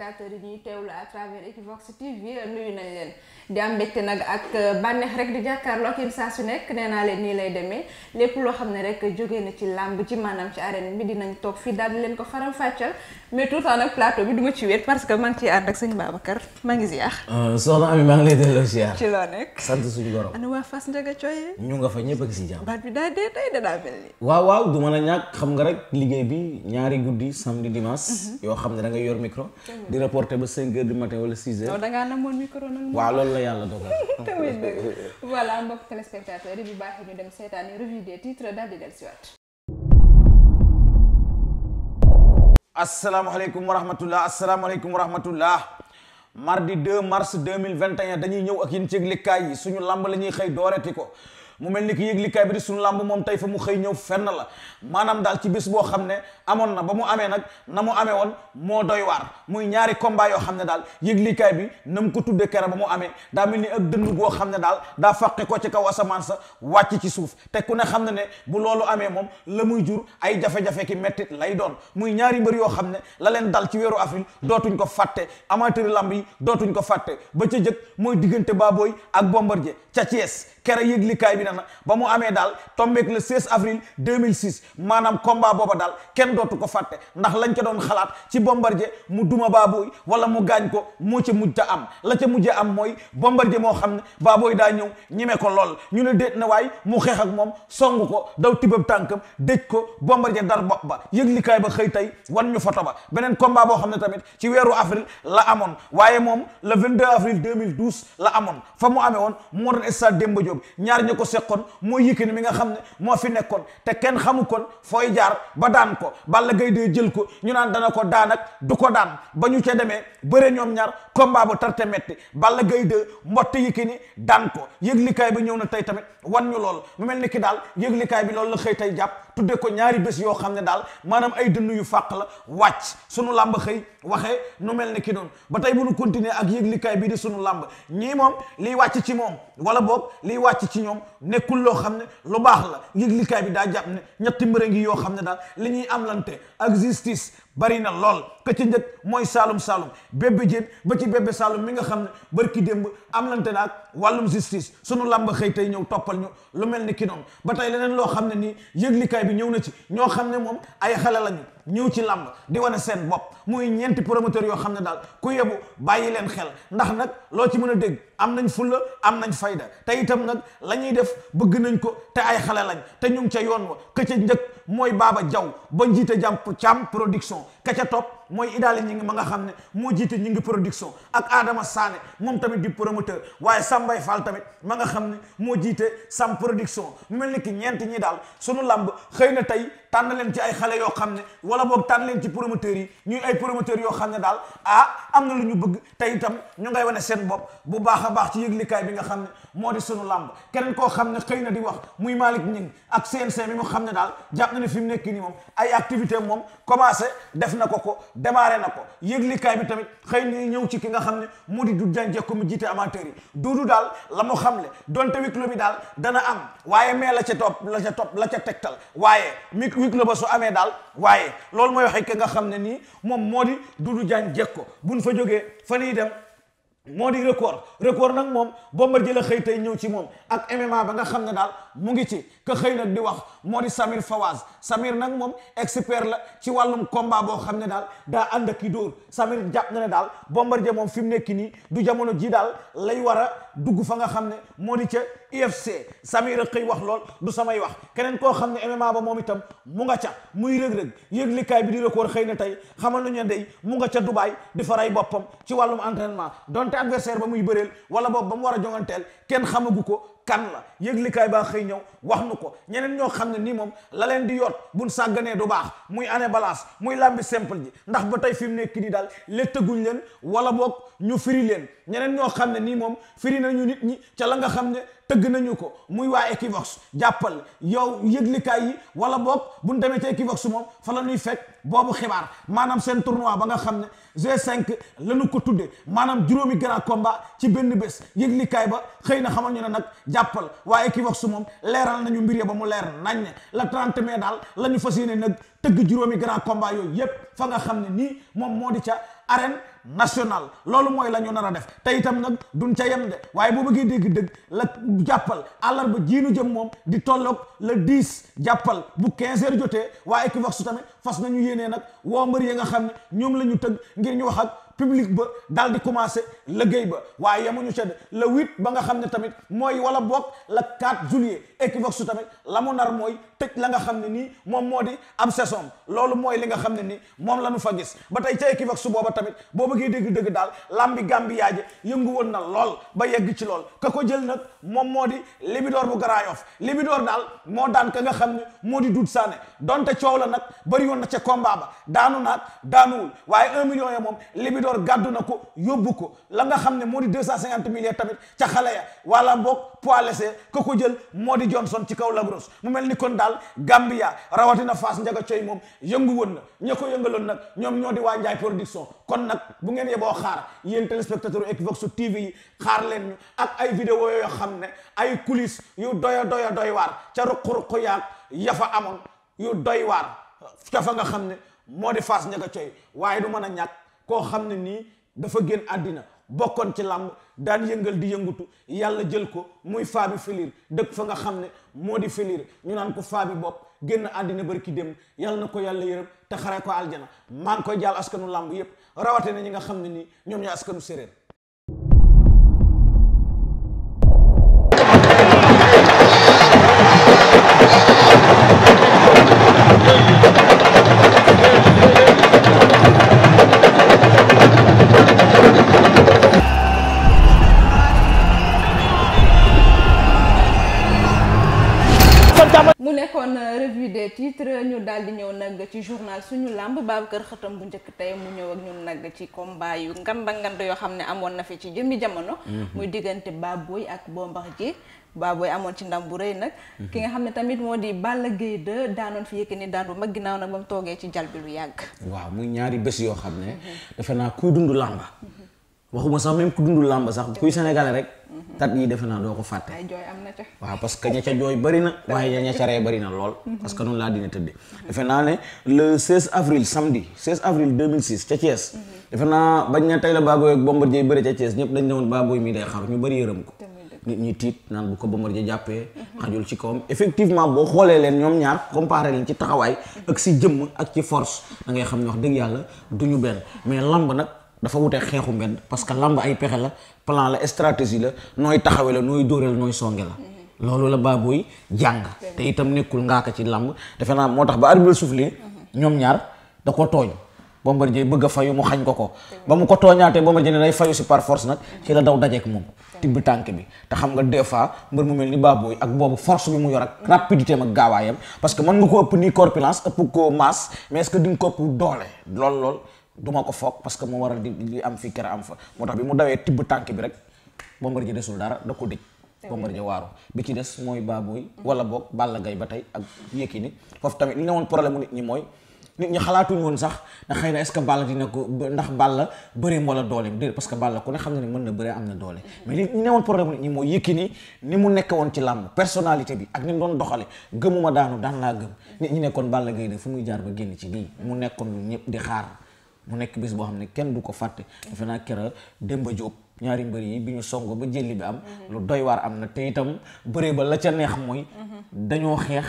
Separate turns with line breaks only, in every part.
téléspectateurs yi ñuy teewlu à travers Equivox TV nuyu nañ leen di am mbégte nag ak euh, bànneex rek di jàkkaarloo ak yéen saa nekk nee leen nii lay demee lépp loo xam ne rek jógee na ci làmb ci maanaam ci arène bi toog fii daal di leen ko faram fàccal mais tout nag ma ci wéet parce que maa ngi ciy ànd ak sëñ Babacar maa ngi ziar.
Euh, soxna Ami maa ngi lay delloo ziar. ci loo nga fa ñëpp ak si bi waaw waaw du mën a ñàkk xam nga rek liggéey bi ñaari guddi samedi dimanche. Mhm. yoo xam ne da nga yor micro. Mhm. di reporter ba 5 heures du matin wala 6 heures. waaw da
namoon micro nag. waaw yàlla dogal. tamit dëgg voilà mbokk téléspectateur yi bu baaxee ñu dem seetaan revue des titres daal di del siwaat
asalaamaaleykum wa rahmatullah asalaamaaleykum wa rahmatullah mardi 2 mars 2021 dañuy ñëw ak yéen ci yëglekaay yi suñu lamb la ñuy xëy dooreti ko mu mel ni ki yëglikaay bi di sunu làmb moom tey fa mu xëy ñëw fenn la maanaam daal ci bés boo xam ne amoon na ba mu amee nag na mu amee woon moo doy waar muy ñaari combat yoo xam ne daal yëglikaay bi na mu ko tuddee kere ba mu amee daa mel ni ak dënd goo xam ne daal daa fàqi ko ci kaw asamaan sa wàcc ci suuf te ku ne xam ne ne bu loolu amee moom la muy jur ay jafe-jafe ki mettit lay doon muy ñaari mbër yoo xam ne la leen dal ci weeru avril dootuñ ko fàtte amateur lamb yi dootuñ ko fàtte ba ca jëkk mooy diggante Baboy ak Bombardier ca Thiès kere yëglikaay bi ne na ba mu amee daal tombeek le 16 avril 2006 maanaam combat booba daal kenn dootu ko fàtte ndax lañ ca doon xalaat ci Bombardier mu duma Baboy wala mu gaañ ko moo ca mujj am la ca mujj am mooy Bombardier moo xam ne Baboy daa ñëw ñime ko lool ñu ne déet na waay mu xeex ak moom song ko daw tibab tànkam déj ko Bombardier dar bopp ba yëglikaay ba xëy tey wan ñu foto ba beneen combat boo xam ne tamit ci weeru avril la amoon waaye moom le 22 avril 2012 la amoon mu amee woon moo doon Diop ñaar ñi ko seqoon mooy Yékini mi nga xam ne moo fi nekkoon te kenn xamu kon fooy jaar ba daan ko Balla Gaye de jël ko ñu naan dana ko daan du ko daan ba ñu ca demee bëre ñoom ñaar combat bu tarte metti Balla Gaye de mbotte Yékini daan ko yëglikaay bi ñëw na tey tamit wan ñu lool mu mel ni ki daal yëglikaay bi loolu la xëy tey jàpp tudde ko ñaari bés yoo xam ne daal maanaam ay dënn yu fàq la wàcc sunu làmb xëy waxee nu mel ne ki noonu ba tey bu nu continuer ak yëglikaay bii di sunu làmb ñii moom liy wàcc ci moom wala boog liy wàcc ci ñoom nekkul loo xam ne lu baax la likkaay bi daa jàpp ne ñetti mbërë ngi yoo xam ne daal li ñuy amlante ak justice bari na lool ka ci njëkk mooy saalum saalum bébé jéen ba ci bébé saalum mi nga xam ne barki démb am lante na ak wàllum justice sunu làmb xëy tey ñëw toppal ñu lu mel ni ki noonu ba tey leneen loo xam ne nii yëglikaay bi ñëw na ci ñoo xam ne moom ay xale lañu ñëw ci làmb di wane seen bopp muy ñeenti promoteur yoo xam ne daal ku yebu bàyyi leen xel ndax nag loo ci mën a dégg am nañ fulla am nañ fayda te itam nag la ñuy def bëgg nañ ko te ay xale lañ te ñu ngi ca yoon wa ka ca njëkk mooy baaba jaw ba njiite jàmp càmm production ka ca topp mooy idaali ñi ngi ma nga xam ne moo jiite ñi ngi production ak Adama Sané moom tamit di promoteur waaye Sambay Fall tamit ma nga xam ne moo jiite Sam production mu mel ni ki ñeent ñi daal sunu làmb xëy na tey tànn leen ci ay xale yoo xam ne wala boog tànn leen ci promoteurs yi ñuy ay promoteurs yoo xam ne daal ah am na lu ñu bëgg tey itam ñu ngay wane seen bopp bu baax a baax ci yëglikaay bi nga xam ne moo di sunu làmb keneen koo xam ne xëy na di wax muy Malick Ñing ak CNC mi mu xam ne daal jàpp na ne fi mu nekk nii moom ay activité moom commencé def na ko ko démarré na ko yëglikaay bi tamit xëy na ñëw ci ki nga xam ne moo di Doudou Diagne ko mu jiite amateur yi Doudou daal la mu xamle donte huis clos bi daal dana am waaye mais la ca topp la ca topp la ca tegtal waaye mi huis clos ba su amee daal waaye loolu mooy waxe ki nga xam ne nii moom moo di Doudou ko bu buñ fa jógee fa ñuy dem moo di record record nag moom bombar la xëy tey ñëw ci moom ak MMA ba nga xam ne daal mu ngi ci ka xëy nag di wax moo di Samir Fawaz Samir nag moom expert la ci wàllum komba boo xam ne daal daa ànd ak i dóor Samir jàpp na ne daal Bombardier moom fi mu nekk nii du jamono ji daal lay war a dugg fa nga xam ne moo di ca UFC Sami xëy wax lool du samay wax keneen koo xam ne MMA ba moom itam mu nga ca muy rëg-rëg yëglikaay bi di record xëy na tey xamal nañu ne dey mu nga ca Dubaay di faray boppam ci wàllum entraînement donte adversaire ba muy bëreel wala boobu ba mu war a jonganteel kenn xamagu ko kan la yëglikaay baa xëy ñëw wax nu ko ñeneen ñoo xam ne nii moom la leen di yoot buñ sàgganee du baax muy année balance muy lambi simple ji ndax ba tey fi mu nekk di daal léttaguñ leen wala boog ñu firi leen ñeneen ñoo xam ne nii moom firi nañu nit ñi ca la nga xam ne tëgg nañu ko muy waa Equivox jàppal yow yëglikaay yi wala boog bu ñu demee ci Equivox moom fa la ñuy fekk boobu xibaar maanaam seen tournoi ba nga xam ne G5 lañu ko tuddee maanaam juróomi grand combat ci benn bés yëglikaay ba xëy na xamal ñu ne nag jàppal waa Equivox moom leeral nañu mbir ya ba mu leer nañ ne la 30 mai daal la ñu fas yéene nag tëgg juróomi grand combat yooyu yépp fa nga xam ne nii moom moo di ca arène national loolu mooy la ñu nar a def tey itam nag duñ ca yem de waaye boo bëggee dégg dëgg la jàppal àllarba jiinu jëm moom di tolloog le 10 jàppal bu 15 heures jotee waa wax su tamit fas nañu yéenee nag woo mbër ya nga xam ne ñoom la ñu tëgg ngir ñu wax ak public ba daal di commencé liggéey ba waaye yemuñu ca de le huit ba nga xam ne tamit mooy wala boog la quatre juillet Equivox su tamit la mu nar mooy tëj la nga xam ne nii moom moo di am saison loolu mooy li nga xam ne nii moom la ñu fa gis ba tey ca Equivox su booba tamit boo bëggee dégg dégg daal lambi gambi yaaje yëngu woon na lool ba yegg ci lool ka ko jël nag moom moo di libidoor bu Grand Yoff libidoor daal moo daan ka xam ne moo di dut saane woon na ca combat ba daanu naag daanuwul waaye un million ya moom Libidor gàddu na ko yóbbu ko la nga xam ne moo di deux cent cinquante millions tamit ca xale ya wala boog poids laissé ko ko jël moo di Johnson ci kaw la mu mel ni kon daal Gambia rawatina Fass Ndiaga Coy moom yëngu woon na ña ko yëngaloon nag ñoom ñoo di waa Njaay production kon nag bu ngeen yeboo xaar yéen téléspectateurs Equivox TV yi xaar leen ak ay vidéo yoo xam ne ay coulisses yu doya doya doy ca ruq-ruq yaag amoon yu doy waar ca fa nga xam ne moo di Fass Ndiaga Coy waaye du mën a ñàkk koo xam ne nii dafa génn àddina bokkoon ci làmb daan yëngal di yëngutu yàlla jël ko muy faabi filir dëkk fa nga xam ne moo di filir ñu naan ko faabi bopp génn àddina bari ki dem yàlla na ko yàlla yërëm te xare ko aljana maa ngi koy jàll askanu làmb yépp rawate na ñi nga xam ne nii ñoom ñooy askanu séréer
nekkoon euh, revue des ñu daal di ñëw nag ci journal suñu làmb kër xëtam bu njëkk tey mu ñëw ak ñun nag ci combat yu nganda nganda yoo xam ne amoon na fi ci jëmmi jamono. Mhm. muy diggante baa Baboy ak ji Bombardier booy amoon ci ndam bu rëy nag. Mhm. ki nga xam ne tamit moo di Balla Gaye 2 daanoon fi Yékini daan bu mag ginnaaw nag ba mu toogee ci jal bi lu yàgg.
waaw muy ñaari bés yoo xam ne. defe naa kuy dund làmba. Mhm. waxuma sax même ku dund làmb sax kuy sénégalais rek. tat yi defe naa doo ko fàtte waaw parce que ña ca jooy bëri na waaye ña ca ree bëri lool parce que laa dina tëdde defe naa ne le 16 avril samedi 16 avril 2006 ca Thiès defe naa bañ na tey la Baboy ak Bombardier bëri ca Thiès ñëpp dañ ne woon Baboy mi day xaar ñu bëri yërëm ko nit ñi tiit naan bu ko Bombardier jàppee xajul ci kawam effectivement boo xoolee leen ñoom ñaar comparé leen ci taxawaay ak si jëmm ak ci force da xam dëgg yàlla du ñu benn mais dafa wute xeexu mbedd parce que lamb ay pexe la plan la stratégie la nooy taxawe la nooy dóore la nooy songe la loolu la Baboye jàng te itam nekkul ngaaka ci lamb defe naa moo tax ba arbitre ñoom ñaar da ko tooñ Bombardier bëgg a fayu mu xañ ko ko ba mu ko tooñaatee Bombardier ne day fayu par force nag ci la daw dajeek moom tibb tànk bi te xam nga des fois mbër mu mel ni Baboye ak boobu force bi mu yor ak rapidité am ak gaawaayam parce que mën nga ko ëpp nii corpulence ëpp ko masse mais est-ce que ko ëpp doole lool lool duma ko foog parce que moo waral a di am fii kera am fa moo tax bi mu dawee tibb tànk bi rek Bombardier desul dara da ko dëj Bombardier waaru bi ci des mooy Baboy wala boog Balla gay ba tey ak Yékini foofu tamit li ne woon problème mu nit mooy nit woon sax xëy na est-ce que Balla ko ndax Balla bëreem wala dooleem déedéet parce que Balla ku ne xam na ne mën na bëree am na doole mais li ñu ne woon problème nit ni mu nekk woon ci làmb personnalité bi ak ni mu doon doxale gëmuma daanu daan laa gëm nekkoon Balla gay de fu muy jaar ba génn ci lii mu nekkoon lu ñëpp di xaar mu nekk bis boo xam ne kenn du ko fàtte defe naa kera Demba Diop ñaari mbër yi bi ñu songo ba jëlli bi am lu doy waar am na te itam bëre ba la ca neex mooy dañoo xeex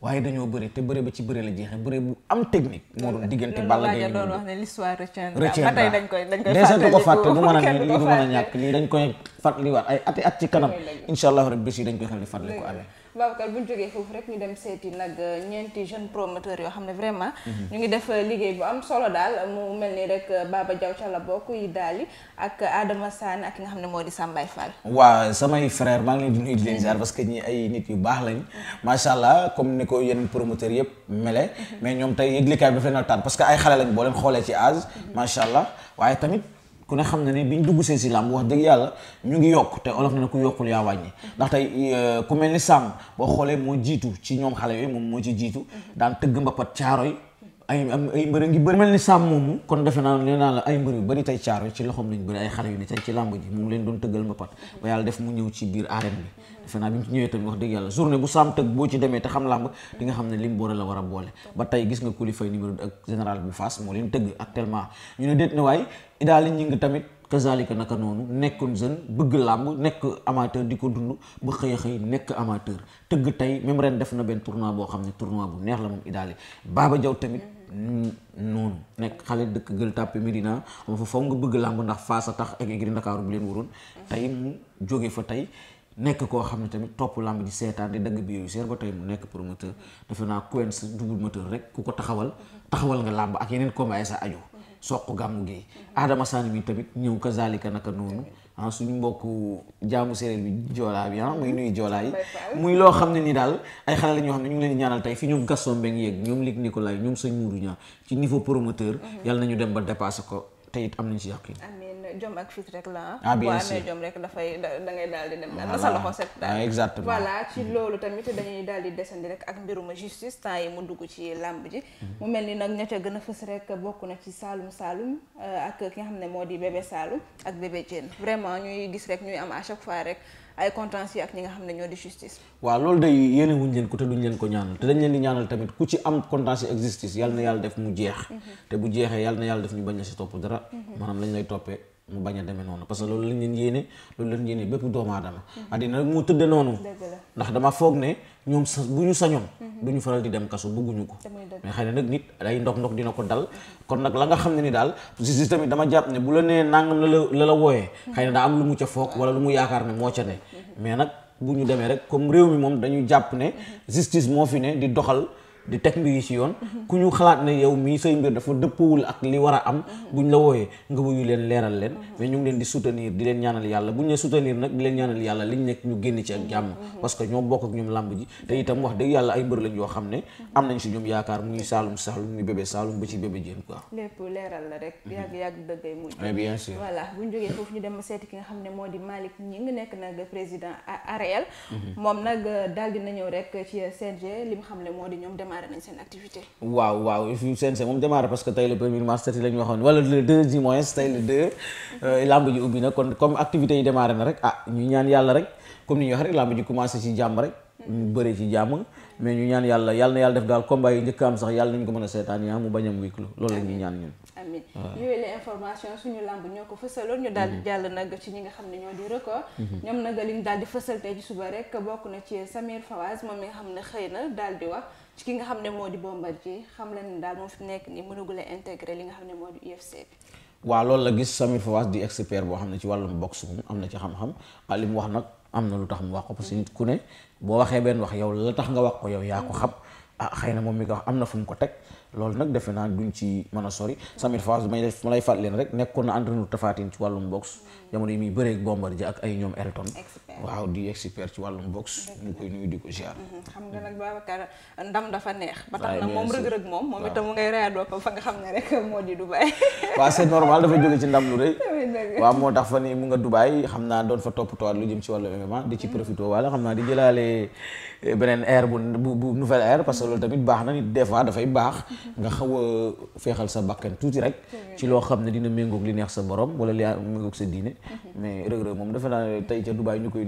waaye dañoo bëre te bëre ba ci bëre la jeexee bëre bu am technique moo doon diggante Balla Gaye doon wax
ne l'histoire ba tey dañ koy dañ koy fàttali ko fàtte du mën lii du mën a ñàkk
ay ati at ci kanam insha allahu rabbi bis yi dañ koy xel di fàttali ko amee
Babacar bu ñu jógee foofu rek ñu dem seeti nag euh, ñeenti jeune promoteur yoo xam ne vraiment. Mhm. ñu ngi def euh, liggéey bu am solo daal mu mel ni rek euh, Baba Diaw ca la bokk yi daali ak aadama Sane ak ki nga xam ne moo di Sambaay Fall.
waaw samay frère maa ngi leen di nuyu leen ziar mhm. parce que ñi ay nit yu baax lañ macha allah comme ni ko yeneen promoteur yëpp mele mhm. mais ñoom tey yëglikaay bi daf leen a taal parce que ay xale lañ boo leen xoolee ci âge macha allah waaye tamit. ku ne xam na ne bi ñu dugg see si làmb wax dëgg yàlla ñu ngi yokk te olof na ne ku yokkul yaa wàññi ndax tey eh, ku mel ni sàmm boo xoolee moo jiitu ci ñoom xale yooyu moom moo ci jiitu mm-hmm. daan tëgg caaro yi ay ay a ngi bëri mel ni Sam moomu kon defe naa nee naa la ay mbër yu bëri tey caaro ci loxoom lañ bëri ay xale yu ne tey ci làmb ji moom leen doon tëggal mbapat ba a ba tey gis nga kuli fay numéro ak général bu Fass moo leen tëgg actuellement ñu ne déet na waay idaali ñi ngi tamit kazalika naka noonu nekkoon jeune bëgg làmb nekk amateur di ko dund ba xëy a xëy nekk amateur tëgg tey même ren def na benn tournoi boo xam ne tournoi bu neex la moom idaali Baba Jaw noonu nekk xale dëkk Gueule Tapée Médina xam nga bëgg làmb ndax Fass a tax ak écurie Ndakaaru bi leen waroon tey mu jóge fa tey nekk koo xam ne tamit topp làmb di seetaan di dagg bi yooyu seer ba tey mu nekk promoteur defe naa Quench double moteur rek ku ko taxawal taxawal nga làmb ak yeneen combat sa aju mhm. soq gàmmu gi Adama Sane mi tamit ñëw kazalika naka noonu ah suñu mbokku jaamu séeréer bi joolaa bi ah, muy nuyu joolaay muy loo xam ne ni daal ay xale la ñoo xam ne ñu ngi leen ñaanal tey fi ñoom Gaston Mbengue yeeg ñoom Luc Nicolaï ñoom sëñ Mourou ñaa ci niveau promoteur mhm. yàlla ñu dem ba dépassé ko te it am nañ ci yàqin
jom ak fit rek la ah bien boo amee jom rek dafay dangay ngay daal di nem daal na sa loxo set daal
ah, exactement voilà
ci loolu tamit dañuy daal di desandi rek ak mbiruma justice temps yi mu dugg ci làmb ji mhm. mu mel ni nag ña ca gën a fës rek bokk na ci Saalum Saalum euh, ak ki nga xam ne moo di bébé Saalum ak bébé Diène vraiment ñuy gis rek ñuy am à chaque fois rek ay contentieux ak ñi nga xam ne ñoo di justice
waaw loolu day yéene wuñ leen ko te duñ leen ko ñaanal te dañ leen di ñaanal tamit ku ci am contentieux ak justice yàlla na yàlla def mu jeex mhm. te bu jeexee yàlla na yàlla def ñu bañ la si topp dara mhm. maanaam lañ lay toppee mu bañ a demee noonu parce que loolu lañ leen yéene loolu lañ yéene bépp doomu addina mhm. rek mu tëdde noonu ndax dama foog ne ñoom sa bu ñu sañoon mhm. du ñu faral di dem kaso bëgguñu ko mais xëy na nag nit ay ndox ndok dina ko dal kon nag la nga xam ne ni daal justice tamit dama jàpp ne bu la nee nangam la la la wooyee mhm. xëy na daa am lu mu ca fook wala lu mu yaakaar ne moo ca ne mhm. mais nag bu ñu demee rek comme réew mi moom dañu jàpp ne justice moo fi ne di doxal di teg mbir yi si yoon ku ñu xalaat ne yow mii say mbir dafa dëppawul ak li war a am buñ la wooyee nga wuyu leen leeral leen mais ñu leen di soutenir di leen ñaanal yàlla buñ ne soutenir nag di leen ñaanal yàlla liñ nekk ñu génn ci ak jàmm parce que ñoo bokk ñoom làmb ji te itam wax dëgg yàlla ay mbër lañ yoo xam ne am nañ si ñoom yaakaar muy saalum saalum muy bébé saalum ba ci bébé jéen
lépp leeral la rek mhm. yàgg yàgg dëggay mujj bien moo di démarré nañ seen activité.
waaw waaw moom démarré parce que tey le premier mars tey la waxoon wala le deux du moins tey le deux. Euh, làmb ji ubbi na comme activité yi démarré na rek ah ñu ñaan yàlla rek comme ni ñu wax rek làmb ji commencé ci jàmm rek. mu bëree ci jàmm mais ñu ñaan yàlla yàlla na yàlla def daal yi njëkk am sax yàlla nañ ko mën a seetaan yaa mu bañ wiklu loolu la ñaan ñun. amiin
yooyu la information suñu làmb ñoo ko fësaloon ñu daal mhm. jàll nag ci ki nga xam ne moo di Bombardier xam leen daal moom fi nekk nii mënagul a intégré li nga xam ne moo di UFC bi.
waaw lool la gis Samir Fawas di expert boo xam ne ci wàllum boxe moom am na ci xam li mu wax nag am na lu tax wax ko parce que ku ne boo waxee benn wax yow la tax nga wax ko yow yaa ko xam. Ah, xëy na moom mi wax am na fu ko teg loolu nag defe naa duñ ci mën a sori Samir Faas ma ma lay fàttali leen rek nekkoon na entraîneur Tapha Tine ci wàllum boxe hmm. jamono yi muy bëreeg Bombardier ak ay ñoom Elton waaw di expert ci wàllum box ñu koy nuyu di ko ziar. Mhm.
xam nga nag Babacar ndam dafa neex. ba tax na moom rëg-rëg moom xam ne rek moo di Dubaay.
waaw c'est normal dafa ci ndam lu rëy. waaw moo tax fa ni mu nga Dubaay xam naa doon fa toppatoo lu jëm ci wàllu MMA di ci mhm. profité wala xam naa di jëlaale eh, beneen air bu bu nouvelle air parce que loolu tamit baax na des fois dafay baax mhm. nga xaw a feexal sa bakkan tuuti rek ci loo xam ne dina méngoog li neex sa borom wala li méngoog tey ca Dubaay ñu koy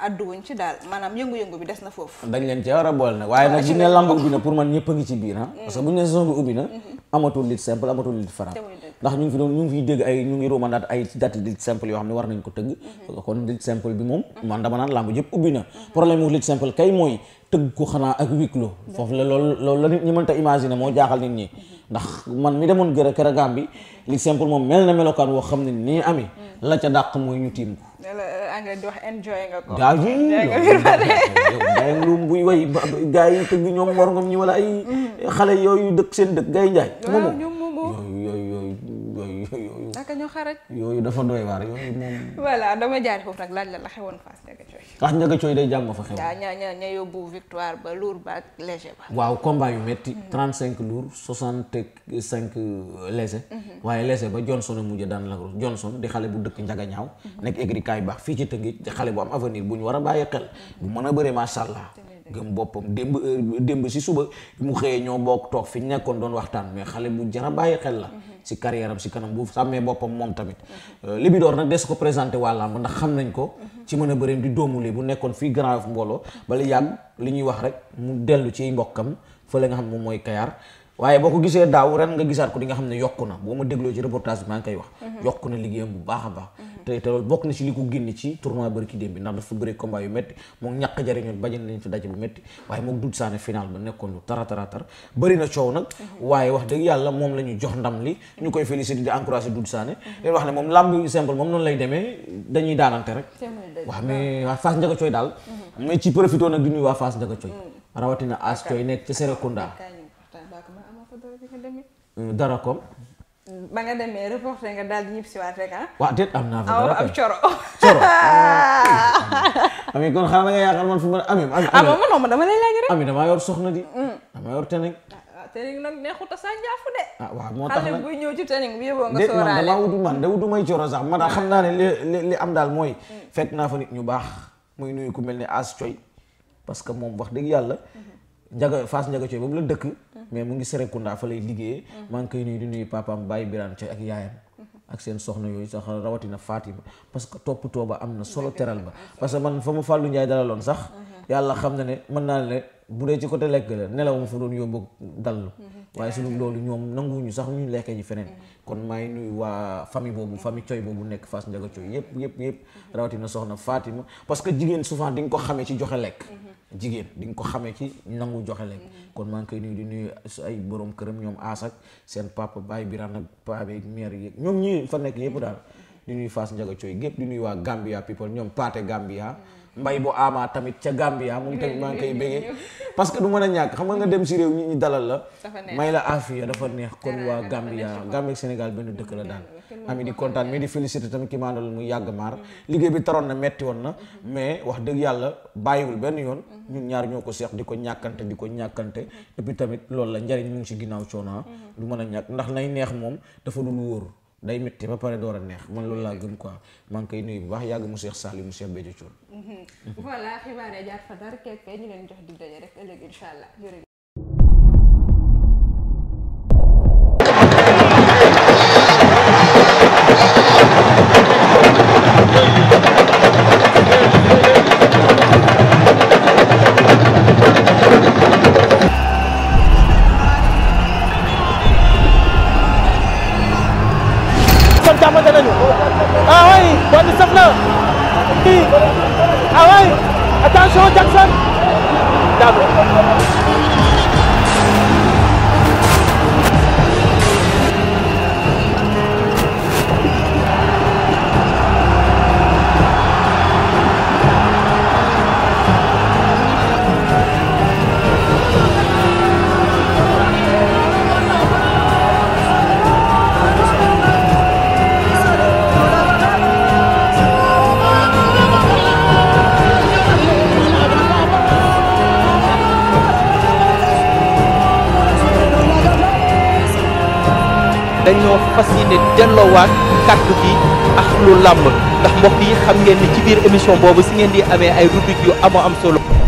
addu wuñ ci daal maanaam yëngu-yëngu bi des
na foofu dañ leen cee war a boole nag waaye nag bu ñu ne lamb ubbi na pour man ñëpp ngi ci biir ah mm-hmm. parce que bu ñu ne saison bi ubbi na mm-hmm. amatul lit simple amatul lit faram yoo xam ne war nañ ko tëgg mm-hmm. kon lit simple bi moom man dama naan lamb yëpp ubbi na problème lit simple kay mooy moo jaaxal nit ñi ndax man mi demoon gër a kër a gaam bi lit moom mel na melokaan woo xam ne ni amee la ca dàq
anglais di wax enjoy nga ko. gaa yi
buy way gaa yi tëgg ñoom war ngom ñi wala ay. Mm-hmm. xale yooyu dëkk seen dëkk gaa njaay. yooyu aka ñu xaraj yooyu dafa doy waar yooyu moom.
voilà dama jaar foofu rek laaj la la xewoon Fass Ndiaga Thioye.
ah Ndiaga Thioye day jàmm fa xew. waaw
ña ña yóbbu victoire ba lourd ba ak léger ba.
waaw combat yu métti. 35 lourd 65 léger. waaye léger ba Johnson a mujj daan la ko Johnson di xale bu dëkk Ndiaga ñaaw. Mm-hmm. nekk écurie kaay baax fii ci Tëngéej di xale bu am avenir bu ñu war a bàyyi xel. bu mm-hmm. mën a bëree macha allah. gëm boppam démb euh, démb si suba mu xëyee ñoo bokk toog fi ñu nekkoon doon waxtaan mais xale bu jar a bàyyi xel la. Mm-hmm. si carrière si kanam bu sàmmee boppam moom tamit euh, Libidor nag des ko présenté waa làmb ndax xam nañ ko ci mën a bëreem di doomu li bu nekkoon fii Grand Yoff mbooloo bala yàgg li ñuy wax rek mu dellu ci mbokkam fa fële nga xam moom mooy kayaar waaye boo ko gisee daaw ren nga gisaat ko di nga xam ne yokk na boo ma dégloo ci reportage bi maa ngi koy wax mhm. yokku na liggéeyam bu baax a baax mhm. te te loolu bokk na ci li ko génn ci tournoi bëri ki démb bi ndax dafa bëri combat yu métti moom ñàkk jariñoon bañal nañ fi daje bu métti saane na mhm. waaye wax dëgg yàlla moom la ñu jox ndam li ñu koy féliciter di encourager dut saane leen wax ne moom lamb simple moom noonu lay demee dañuy daanante rek waaw mais waa Fass Ndiaga Thioye daal mais ci profité nag di nuyu waa Fass Ndiaga Thioye mm. rawatina as Thioye nekk ci Serekunda Euh, dara kom
ba nga demee reporté nga daal di ñibbi si waat rek ah.
am naa fa dara am coro. coro ami man fu dama lay laaj rek. yor soxna
mm. ah, ah, a saa njaafu
de. Ah, moo tax nag
ñëw ci teneng
may coro sax man daal xam ne am daal mooy. Mm. fekk naa fa nit ñu baax muy nuyu ku mel ne As Coy parce que moom wax dëgg yàlla. Mm-hmm. njaga fas njaga Coy ba mu la dëkk. mais mu ngi Serekunda fa lay liggéeyee mm-hmm. maa ngi koy nuyu di nuyu papaam Baye Birane Thioye ak yaayam mm-hmm. ak seen soxna yooyu sax rawatina Fatima parce que toppatoo ba am na solo teral ba parce que man fa ma Fallou Ndiaye dalaloon sax mm-hmm. yàlla xam na ne mën naa bu dee ci lekk la nelaw ma fa doon yóbbu dallu waaye sunu loolu ñoom nanguwuñu sax ñu lekkee ji feneen kon maa ngi nuyu waa famille boobu famille coy boobu nekk Fass Ndiaga Coy yëpp yëpp yëpp rawatina soxna Fatima parce que jigéen souvent di nga ko xamee ci joxe lekk jigéen di nga ko xamee ci nangu joxe lekk mm-hmm. kon maa ngi koy nuyu di nuyu ay borom këram ñoom aasak seen papa baay biran ak paabe mère yeeg ñoom ñi fa nekk yëpp daal mm-hmm. di nuyu Fass Njaga Cooy gépp di nuyu waa Gambia people ñoom paate Gambia mm-hmm. mbay bu amaa tamit ca Gambia moom tamit maa ngi koy béggee parce que du mën a ñàkk xam nga nga dem si réew ñi ñu dalal la may la afiya dafa neex kon waa Gambia Gambia Sénégal benn dëkk la daan ami di kontaan mais di félicité tamit ki maandal mu yàgg maar mhm. liggéey bi taroon na metti woon na mhm. mais wax dëgg yàlla bàyyiwul benn yoon mhm. ñun ñaar ñoo ko seex di ko ñàkkante di ko ñàkkante et tamit loolu la njariñ mu ngi si ginnaaw coono ah. du mën a ñàkk ndax nay neex moom dafa dul wóor day métti ba pare door a neex man loolu laa gëm quoi maa ngi koy nuyu bu baax yàgg mu Cheikh Saliou mu Cheikh Béthio Thioune.
Mhm. voilà jaar fa dara képp ñu leen jox dig daje rek ëllëg incha allah
dañoo fas yéene delloowaat kàddu bi ak lu làmb ndax mbokk yi xam ngeen ni ci biir émission boobu si ngeen di amee ay rubrique yu am am solo.